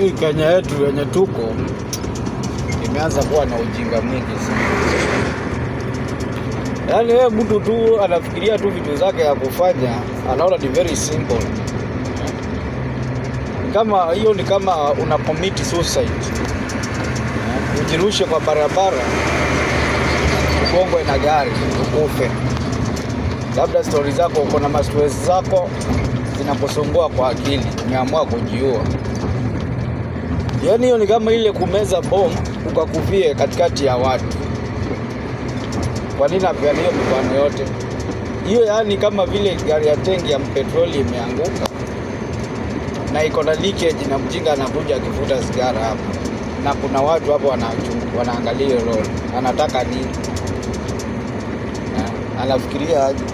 hii Kenya yetu yenye tuko imeanza kuwa na ujinga mwingi sana. Yaani wewe mtu tu anafikiria tu vitu zake ya kufanya, anaona ni very simple. Kama hiyo ni kama una commit suicide, ujirushe kwa barabara, ugongwe na gari ukufe. Labda stori zako, uko na mastori zako zinakusumbua kwa akili, umeamua kujiua. Yaani hiyo ni kama ile kumeza bomu ukakuvie katikati ya watu. Kwa nini napeana hiyo mifano yote? Hiyo yaani kama vile gari ya tenki ya petroli imeanguka na iko na leakage na mjinga anakuja akivuta sigara hapo, na kuna watu hapo wanaangalia hiyo lori, anataka nini? Anafikiria aje?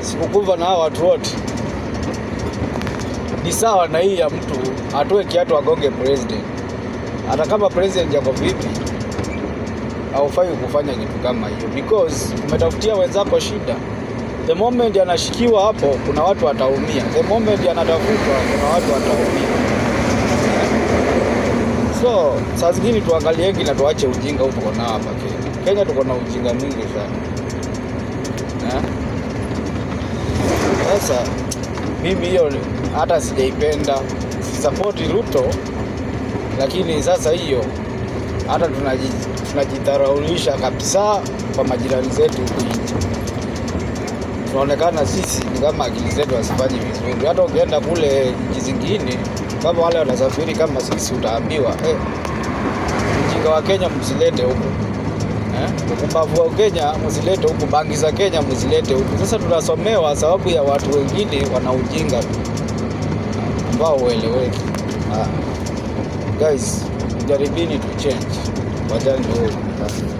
Sikukuva na hao watu wote ni sawa na hii ya mtu atoe kiatu agonge president hata kama president yako vipi, haufai kufanya kitu kama hiyo because umetafutia wenzako shida. The moment anashikiwa hapo, kuna watu wataumia. The moment anatafutwa, kuna watu wataumia. So saa zingine tuangalieki na tuache ujinga huu tuko hapa Kenya. Kenya tuko na ujinga mwingi sana. Eh? Sasa mimi hiyo hata sijaipenda, sisapoti Ruto lakini sasa hiyo hata tunajidharaulisha kabisa kwa majirani zetu huku tunaonekana sisi ni kama akili zetu hazifanyi vizuri. Hata ukienda kule nchi zingine kama wale wanasafiri kama sisi, utaambiwa eh, mjinga wa Kenya mzilete huku eh, wa Kenya mzilete huku, bangi za Kenya mzilete huku. Sasa tunasomewa sababu ya watu wengine wanaujinga tu ambao ueleweki. Ah. Guys, jaribini tu change. Wajani Wajali.